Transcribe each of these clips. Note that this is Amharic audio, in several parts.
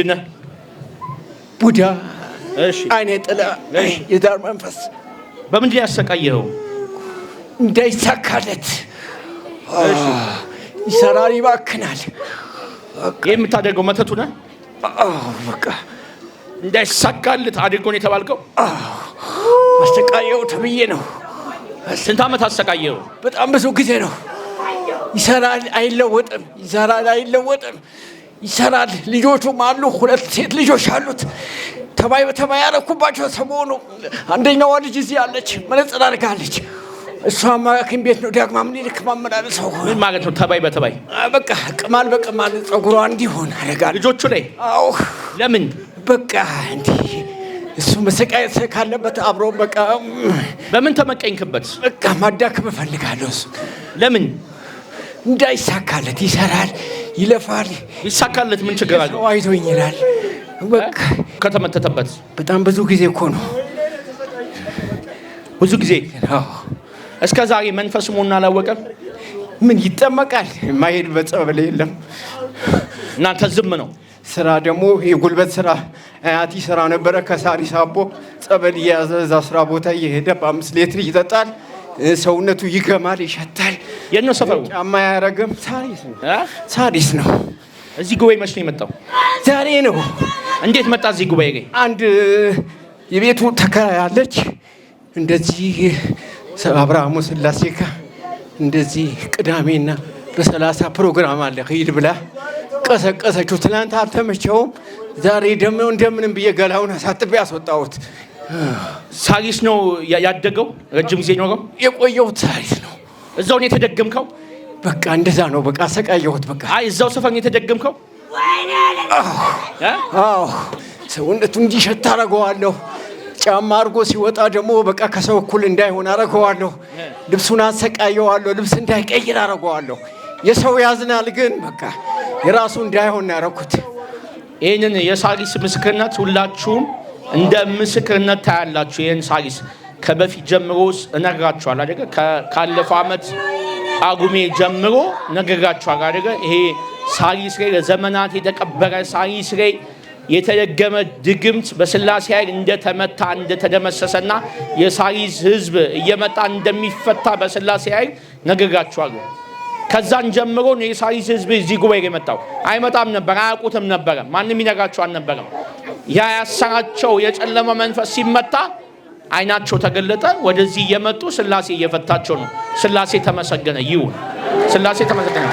ምንድን ነህ? ቡዳ አይኔ ጥላ የዳር መንፈስ በምንድን ያሰቃየኸው? እንዳይሳካለት ይሰራል፣ ይባክናል። ይህ የምታደርገው መተቱ ነ በቃ እንዳይሳካልት አድርጎን የተባልከው አሰቃየው ተብዬ ነው። ስንት ዓመት አሰቃየው? በጣም ብዙ ጊዜ ነው። ይሰራል አይለወጥም፣ ይሰራል አይለወጥም። ይሰራል። ልጆቹም አሉ፣ ሁለት ሴት ልጆች አሉት። ተባይ በተባይ ያለኩባቸው ሰሞኑ አንደኛዋ ልጅ እዚህ አለች፣ መነጽር አድርጋለች። እሷ ማክን ቤት ነው ዳግማ ምኒልክ ምን ማለት ነው። ተባይ በተባይ በቃ ቅማል በቅማል ፀጉሯ እንዲሆን አደርጋለሁ ልጆቹ ላይ። አዎ ለምን በቃ እንዲህ እሱ መሰቃየት ካለበት አብሮ በቃ በምን ተመቀኝክበት? በቃ ማዳክም እፈልጋለሁ። እሱ ለምን እንዳይሳካለት ይሰራል፣ ይለፋል። ይሳካለት ምን ችግር አለ? አይቶ ይላል። ከተመተተበት በጣም ብዙ ጊዜ እኮ ነው ብዙ ጊዜ እስከ ዛሬ መንፈስ መሆኑን አላወቀም። ምን ይጠመቃል? ማሄድ በጸበል የለም። እናንተ ዝም ነው። ስራ ደግሞ የጉልበት ስራ አያቲ ስራ ነበረ። ከሳሪ ሳቦ ጸበል እየያዘ እዛ ስራ ቦታ እየሄደ በአምስት ሌትር ይጠጣል። ሰውነቱ ይገማል፣ ይሸታል። የት ነው ሰፈሩ? ጫማ ያረገም ሳሪስ ነው። ነው። እዚህ ጉባኤ መች ነው የመጣው? ዛሬ ነው። እንዴት መጣ እዚህ ጉባኤ? አንድ የቤቱ ተከራያለች እንደዚህ አብርሃሙ ስላሴ ጋ እንደዚህ ቅዳሜና በሰላሳ ፕሮግራም አለ ሂድ ብላ ቀሰቀሰችው። ትናንት አልተመቸውም። ዛሬ ደግሞ እንደምንም ብዬ ገላውን አሳጥቤ አስወጣሁት። ሳሪስ ነው ያደገው? ረጅም ጊዜ ኖረው? የቆየው ሳሪስ ነው። እዛው ነው የተደገምከው? በቃ እንደዛ ነው። በቃ ሰቃየሁት። በቃ አይ፣ እዛው ሰፈር ነው የተደገምከው? አዎ፣ ሰውነቱ እንዲሸት አረገዋለሁ። ጫማ አድርጎ ሲወጣ ደግሞ በቃ ከሰው እኩል እንዳይሆን አረገዋለሁ። ልብሱን አሰቃየዋለሁ። ልብስ እንዳይቀይር አረገዋለሁ። የሰው ያዝናል፣ ግን በቃ የራሱ እንዳይሆን ያረኩት። ይህንን የሳሪስ ምስክርነት ሁላችሁም እንደ ምስክርነት ታያላችሁ። ይህን ሳይስ ከበፊት ጀምሮ እነግራችኋል አደገ። ካለፈው ዓመት ጳጉሜ ጀምሮ ነግራችኋል አደገ። ይሄ ሳይስ ላይ ለዘመናት የተቀበረ ሳይስ ላይ የተደገመ ድግምት በስላሴ ኃይል እንደተመታ እንደተደመሰሰና የሳሪስ ህዝብ እየመጣ እንደሚፈታ በስላሴ ኃይል ነግራችኋለሁ። ከዛን ጀምሮ ነው የሳሪስ ሕዝብ እዚህ ጉባኤ የመጣው። አይመጣም ነበር፣ አያውቁትም ነበረ፣ ማንም ይነግራቸው አልነበረም። ያ ያሰራቸው የጨለመ መንፈስ ሲመታ አይናቸው ተገለጠ። ወደዚህ እየመጡ ስላሴ እየፈታቸው ነው። ስላሴ ተመሰገነ ይሁን። ስላሴ ተመሰገነ።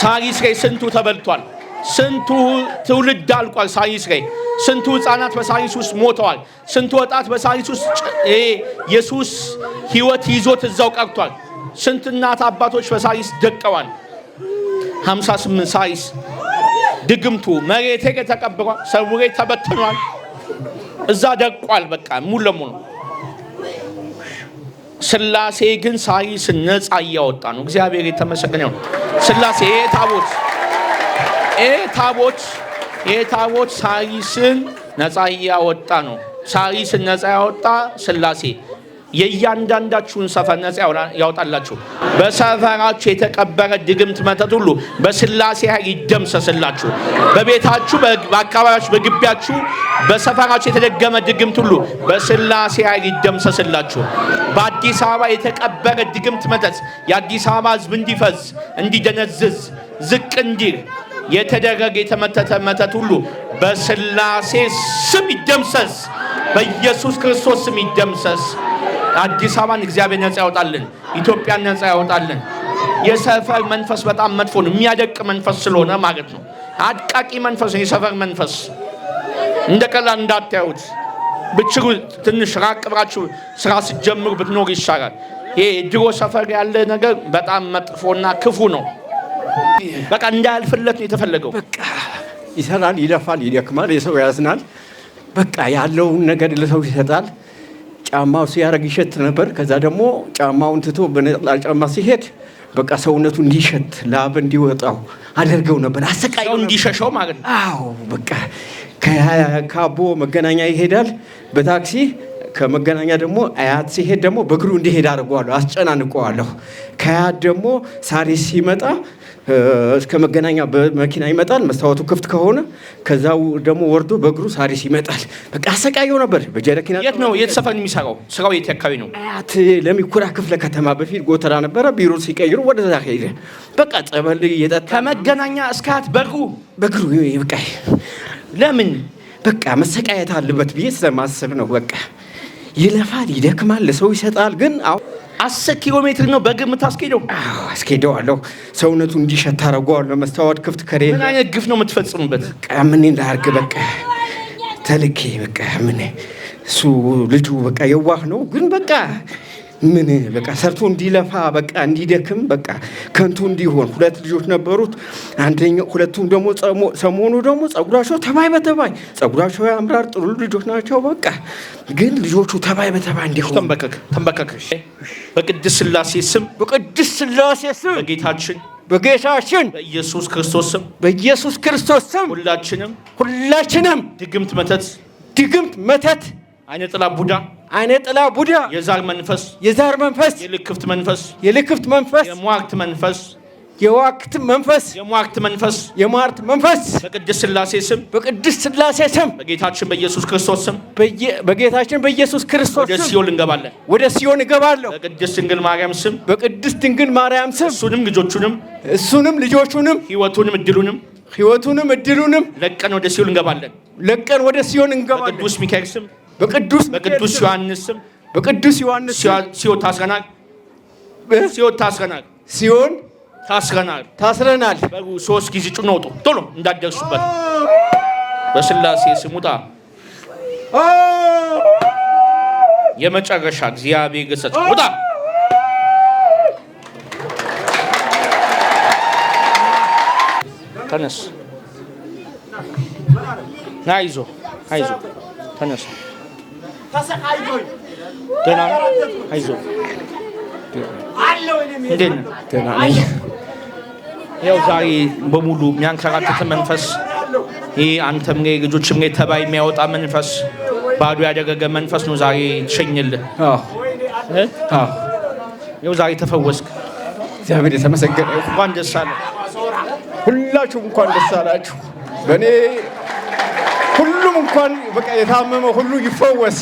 ሳሪስ ላይ ስንቱ ተበልቷል። ስንቱ ትውልድ አልቋል። ሳሪስ ላይ ስንቱ ህፃናት በሳሪስ ውስጥ ሞተዋል። ስንቱ ወጣት በሳሪስ ውስጥ የሱስ ህይወት ይዞት እዛው ቀርቷል። ስንት እናት አባቶች በሳሪስ ደቀዋል። 58 ሳሪስ ድግምቱ መሬቴ ተቀብሯል፣ ሰውሬ ተበትኗል፣ እዛ ደቋል። በቃ ሙሉ ለሙሉ ስላሴ ግን ሳይ ስነጻ እያወጣ ነው። እግዚአብሔር የተመሰገነ ነው። ስላሴ ይሄ ታቦት ይሄ ታቦት ይሄ ታቦት ሳይስን ነፃ እያወጣ ነው። ሳይስን ነፃ ያወጣ ስላሴ የእያንዳንዳችሁን ሰፈር ነጻ ያውጣላችሁ። በሰፈራችሁ የተቀበረ ድግምት መተት ሁሉ በስላሴ ኃይል ይደምሰስላችሁ። በቤታችሁ፣ በአካባቢያችሁ፣ በግቢያችሁ፣ በሰፈራችሁ የተደገመ ድግምት ሁሉ በስላሴ ኃይል ይደምሰስላችሁ። በአዲስ አበባ የተቀበረ ድግምት መተት የአዲስ አበባ ሕዝብ እንዲፈዝ፣ እንዲደነዝዝ፣ ዝቅ እንዲል የተደረገ የተመተተ መተት ሁሉ በስላሴ ስም ይደምሰስ፣ በኢየሱስ ክርስቶስ ስም ይደምሰስ። አዲስ አበባን እግዚአብሔር ነፃ ያወጣልን፣ ኢትዮጵያን ነፃ ያወጣልን። የሰፈር መንፈስ በጣም መጥፎ ነው፣ የሚያደቅ መንፈስ ስለሆነ ማለት ነው። አድቃቂ መንፈስ ነው የሰፈር መንፈስ። እንደ ቀላል እንዳታዩት። ብችሉ ትንሽ ራቅ ስራ ስትጀምሩ ብትኖር ይሻላል። ይሄ ድሮ ሰፈር ያለ ነገር በጣም መጥፎና ክፉ ነው። በቃ እንዳያልፍለት ነው የተፈለገው። በቃ ይሰራል፣ ይለፋል፣ ይደክማል፣ የሰው ያዝናል። በቃ ያለውን ነገር ለሰው ይሰጣል። ጫማው ሲያደርግ ይሸት ነበር። ከዛ ደግሞ ጫማውን ትቶ በነጠላ ጫማ ሲሄድ በቃ ሰውነቱ እንዲሸት ላብ እንዲወጣው አደርገው ነበር። አሰቃዩ እንዲሸሸው ማለት ነው። አዎ በቃ ከካቦ መገናኛ ይሄዳል በታክሲ ከመገናኛ ደግሞ አያት ሲሄድ ደግሞ በእግሩ እንዲሄድ አድርጓለሁ፣ አስጨናንቀዋለሁ። ከአያት ደግሞ ሳሪስ ሲመጣ እስከ መገናኛ በመኪና ይመጣል። መስታወቱ ክፍት ከሆነ ከዛ ደግሞ ወርዶ በእግሩ ሳሪስ ይመጣል። በቃ አሰቃየው ነበር። በጀረኪና የት ነው የት ሰፈን የሚሰራው? ስራው የት አካባቢ ነው? አያት ለሚኩራ ክፍለ ከተማ በፊት ጎተራ ነበረ። ቢሮ ሲቀይሩ ወደዛ ሄደ። በቃ ጸበል እየጠጣ ከመገናኛ እስካት በእግሩ በእግሩ በቃ ለምን በቃ መሰቃየት አለበት ብዬ ስለማስብ ነው። በቃ ይለፋል፣ ይደክማል፣ ለሰው ይሰጣል ግን አሁን አስር ኪሎ ሜትር ነው በግ የምታስኬደው? አስኬደዋለሁ። ሰውነቱ እንዲሸት ታደርገዋለሁ። መስታወት ክፍት ከሬ። ምን አይነት ግፍ ነው የምትፈጽሙበት? ምን ላድርግ? በቃ ተልኬ በቃ ምን እሱ ልጁ በቃ የዋህ ነው ግን በቃ ምን በቃ ሰርቶ እንዲለፋ በቃ እንዲደክም በቃ ከንቱ እንዲሆን። ሁለት ልጆች ነበሩት። አንደኛው ሁለቱም ደግሞ ሰሞኑ ደግሞ ጸጉራቸው ተባይ በተባይ ጸጉራቸው ያምራር ጥሩ ልጆች ናቸው። በቃ ግን ልጆቹ ተባይ በተባይ እንዲሆን ተንበከክ ተንበከክ። በቅድስት ስላሴ ስም በቅድስት ስላሴ ስም በጌታችን በጌታችን በኢየሱስ ክርስቶስ ስም በኢየሱስ ክርስቶስ ስም ሁላችንም ሁላችንም ድግምት መተት ድግምት መተት አይነ ጥላ ቡዳ አይነ ጥላ ቡዳ፣ የዛር መንፈስ፣ የዛር መንፈስ፣ የልክፍት መንፈስ፣ የልክፍት መንፈስ፣ የሟርት መንፈስ የዋክት መንፈስ የሟርት መንፈስ የሟርት መንፈስ በቅድስት ስላሴ ስም በቅድስት ስላሴ ስም በጌታችን በኢየሱስ ክርስቶስ ስም በጌታችን በኢየሱስ ክርስቶስ ወደ ሲዮን እንገባለን። ወደ ሲዮን እገባለሁ በቅድስት ድንግል ማርያም ስም በቅድስት ድንግል ማርያም ስም እሱንም ልጆቹንም እሱንም ልጆቹንም ህይወቱንም እድሉንም ህይወቱንም እድሉንም ለቀን ወደ ሲዮን እንገባለን። ለቀን ወደ ሲዮን እንገባለን። በቅዱስ ሚካኤል ስም በቅዱስ በቅዱስ ዮሐንስ በቅዱስ ዮሐንስ ሲዮን ታስረናል። ሲዮን ታስረናል። ሲዮን ታስረናል። ታስረናል። ሶስት ጊዜ ጩና ውጡ ቶሎ እንዳደርሱበት በስላሴ ስም የመጨረሻ እግዚአብሔር ገሰጽ ውጣ። ተነስ። ናይዞ ናይዞ ተነስ። ተሰቃይቶኝ ደህና ያው ዛሬ በሙሉ የሚያንከራትት መንፈስ ይህ አንተም ልጆችም ተባይ የሚያወጣ መንፈስ ባዶ ያደረገ መንፈስ ነው ዛሬ ትሸኝልህ። ያው ዛሬ ተፈወስክ። እግዚአብሔር የተመሰገነ እንኳን ደስ አለ። ሁላችሁም እንኳን ደስ አላችሁ። በእኔ ሁሉም እንኳን በቃ የታመመ ሁሉ ይፈወስ።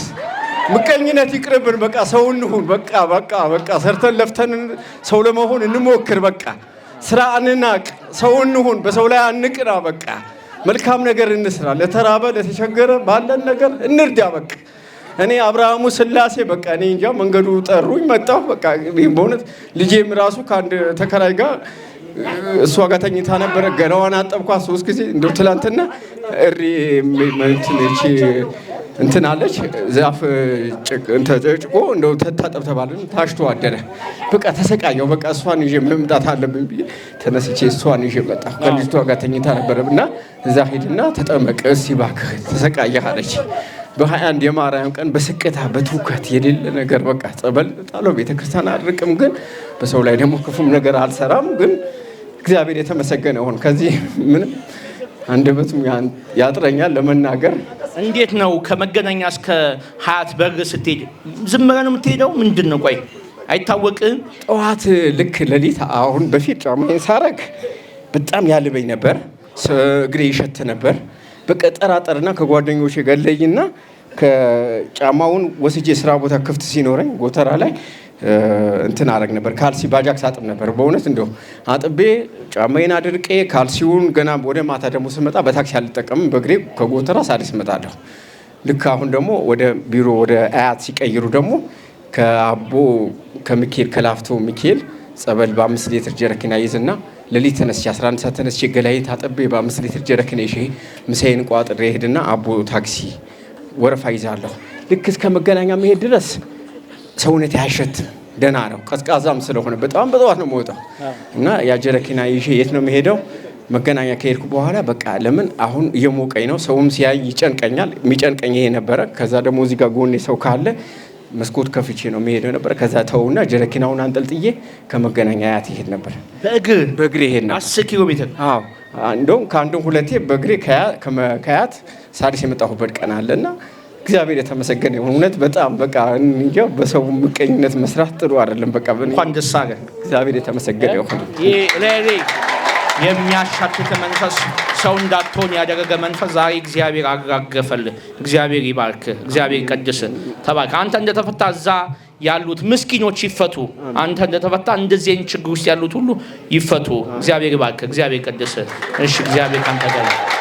ምቀኝነት ይቅርብን። በቃ ሰው እንሁን። በቃ በቃ በቃ ሰርተን ለፍተን ሰው ለመሆን እንሞክር። በቃ ስራ አንናቅ። ሰው እንሁን። በሰው ላይ አንቅና። በቃ መልካም ነገር እንስራ። ለተራበ ለተቸገረ ባለን ነገር እንርዳ። በቃ እኔ አብርሃሙ ስላሴ በቃ እኔ እንጃ መንገዱ ጠሩኝ መጣሁ። በቃ በእውነት ልጄም ራሱ ከአንድ ተከራይ ጋር እሷ ጋር ተኝታ ነበረ። ገላዋን አጠብኳ ሶስት ጊዜ እንደው ትላንትና እሪ እንትን አለች ዛፍ ጭቅ ተጨጭቆ እንደው ተታጠብ ተባልን። ታሽቶ አደረ። በቃ ተሰቃየው። በቃ እሷን ይዤ መምጣት አለብኝ ብዬ ተነስቼ እሷን ይዤ መጣሁ። ከልጅቷ ጋር ተኝታ ነበረ እና እዛ ሄድና ተጠመቀ እባክህ ተሰቃየህ አለች። በ21 የማርያም ቀን በስቅታ በትውከት የሌለ ነገር በቃ ጸበል ጣለው። ቤተክርስቲያን አድርቅም፣ ግን በሰው ላይ ደግሞ ክፉም ነገር አልሰራም። ግን እግዚአብሔር የተመሰገነ ሆን ከዚህ ምንም አንደበቱም ያጥረኛል ለመናገር እንዴት ነው ከመገናኛ እስከ ሀያት በር ስትሄድ ዝምረ ነው የምትሄደው? ምንድን ነው ቆይ አይታወቅም። ጠዋት ልክ ሌሊት አሁን በፊት ጫማ ሳረግ በጣም ያልበኝ ነበር፣ እግሬ ይሸት ነበር። በቃ ጠራጠርና ከጓደኞች የገለኝና ከጫማውን ወስጄ ስራ ቦታ ክፍት ሲኖረኝ ጎተራ ላይ እንትን አረግ ነበር። ካልሲ ባጃክስ አጥብ ነበር። በእውነት እንዲሁ አጥቤ ጫማዬን አድርቄ ካልሲውን ገና ወደ ማታ ደግሞ ስመጣ በታክሲ አልጠቀምም፣ በእግሬ ከጎተራ ሳሪስ ስመጣለሁ። ልክ አሁን ደግሞ ወደ ቢሮ ወደ አያት ሲቀይሩ ደግሞ ከአቦ ከሚካኤል ከላፍቶ ሚካኤል ጸበል በአምስት ሌትር ጀረኪና ይዝና ሌሊት ተነስቼ 11 ሰዓት ተነስቼ ገላዬን ታጥቤ በአምስት ሌትር ጀረኪና ይሽ ምሳዬን ቋጥሬ ሄድና አቦ ታክሲ ወረፋ ይዛለሁ። ልክ እስከ መገናኛ መሄድ ድረስ ሰውነት ያሸት ደህና ነው። ቀዝቃዛም ስለሆነ በጣም በጠዋት ነው የምወጣው እና ያጀረኪና ጀረኪና ይዤ የት ነው የሚሄደው? መገናኛ ከሄድኩ በኋላ በቃ ለምን አሁን እየሞቀኝ ነው፣ ሰውም ሲያይ ይጨንቀኛል። የሚጨንቀኝ ይሄ ነበረ። ከዛ ደግሞ እዚህ ጋር ጎኔ ሰው ካለ መስኮት ከፍቼ ነው የሚሄደው ነበር። ከዛ ተውና ጀረኪናውን አንጠልጥዬ ከመገናኛ ያት ይሄድ ነበር። በእግር በእግር ይሄድ ነበር አስር ኪሎ ሜትር። አዎ እንደውም ሁለቴ በእግሬ ከያት ሳዲስ የመጣሁበት ቀን አለና እግዚአብሔር የተመሰገነ ይሁን። እውነት በጣም በቃ እንጃ በሰው ምቀኝነት መስራት ጥሩ አይደለም። በቃ እንኳን ደስ አለ። እግዚአብሔር የተመሰገነ ይሁን። ይሄ የሚያሻትት መንፈስ ሰው እንዳትሆን ያደረገ መንፈስ ዛሬ እግዚአብሔር አራገፈል። እግዚአብሔር ይባርክ። እግዚአብሔር ቀድስ። ተባርክ። አንተ እንደተፈታ እዛ ያሉት ምስኪኖች ይፈቱ። አንተ እንደተፈታ እንደዚህን ችግር ውስጥ ያሉት ሁሉ ይፈቱ። እግዚአብሔር ይባርክ። እግዚአብሔር ቀድስ። እሺ፣ እግዚአብሔር ካንተ ጋር